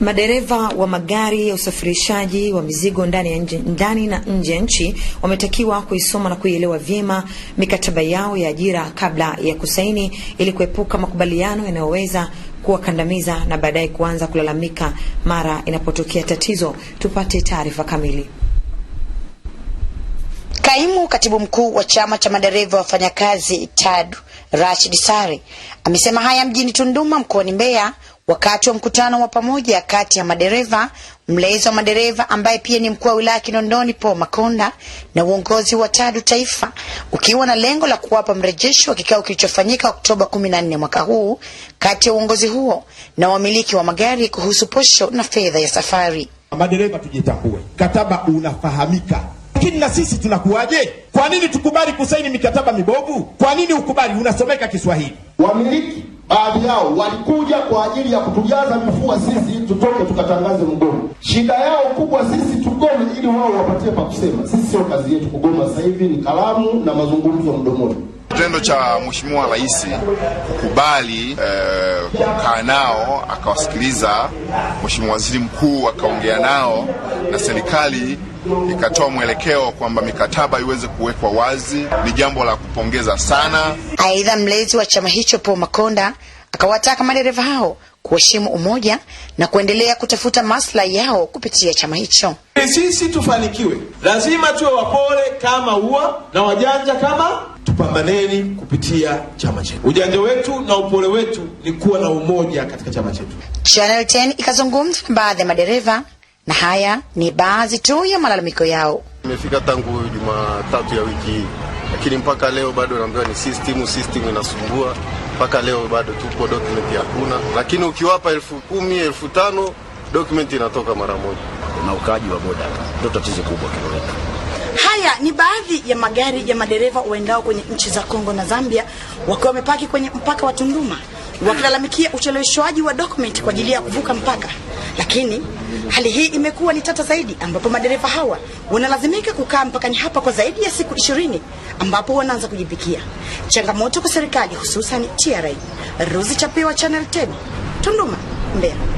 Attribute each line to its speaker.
Speaker 1: Madereva wa magari ya usafirishaji wa mizigo ndani ya nje, ndani na nje ya nchi wametakiwa kuisoma na kuielewa vyema mikataba yao ya ajira kabla ya kusaini ili kuepuka makubaliano yanayoweza kuwakandamiza na baadaye kuanza kulalamika mara inapotokea tatizo. Tupate taarifa kamili. Kaimu katibu mkuu wa chama cha madereva wafanyakazi TADU Rashid Sari amesema haya mjini Tunduma mkoani Mbeya wakati wa mkutano wa pamoja kati ya madereva, mlezi wa madereva ambaye pia ni mkuu wa wilaya Kinondoni Paul Makonda na uongozi wa TADU Taifa, ukiwa na lengo la kuwapa mrejesho wa kikao kilichofanyika Oktoba 14 mwaka huu kati ya uongozi huo na wamiliki wa magari kuhusu posho na fedha ya safari.
Speaker 2: Madereva tujitambue, mkataba unafahamika. Lakini na sisi tunakuwaje? Kwa nini tukubali kusaini mikataba mibovu? Kwa nini ukubali? Unasomeka Kiswahili. Wamiliki baadhi yao walikuja kwa ajili ya kutujaza mifua sisi tutoke tukatangaze mgomo. Shida yao kubwa sisi tugome ili wao wapatie pa kusema. Sisi sio kazi yetu kugoma, sasa hivi ni kalamu na mazungumzo mdomoni.
Speaker 3: Kitendo cha Mheshimiwa Rais kukubali eh, kukaa nao akawasikiliza, Mheshimiwa Waziri Mkuu akaongea nao na serikali ikatoa mwelekeo kwamba mikataba iweze kuwekwa wazi ni jambo la kupongeza sana.
Speaker 1: Aidha, mlezi wa chama hicho po Makonda akawataka madereva hao kuheshimu umoja na kuendelea kutafuta maslahi yao kupitia chama hicho.
Speaker 4: Sisi tufanikiwe, lazima tuwe wapole kama ua na wajanja kama tupambaneni kupitia chama chetu. Ujanja wetu na upole wetu ni kuwa na umoja katika chama chetu.
Speaker 1: Channel 10 ikazungumza na baadhi ya madereva na haya ni baadhi tu ya malalamiko yao.
Speaker 5: Nimefika tangu Jumatatu ya wiki hii, lakini mpaka leo bado naambiwa ni system, system inasumbua mpaka leo bado tupo, document hakuna, lakini ukiwapa elfu kumi elfu tano document inatoka mara moja,
Speaker 6: na ukaaji wa boda ndio tatizo kubwa kiloleta
Speaker 1: Haya ni baadhi ya magari ya madereva waendao kwenye nchi za Kongo na Zambia wakiwa wamepaki kwenye mpaka wa Tunduma wakilalamikia ucheleweshwaji wa dokumenti kwa ajili ya kuvuka mpaka. Lakini hali hii imekuwa ni tata zaidi, ambapo madereva hawa wanalazimika kukaa mpakani hapa kwa zaidi ya siku ishirini, ambapo wanaanza kujipikia changamoto kwa serikali, hususan TRA. Ruzi Chapewa, Channel 10, Tunduma, Mbeya.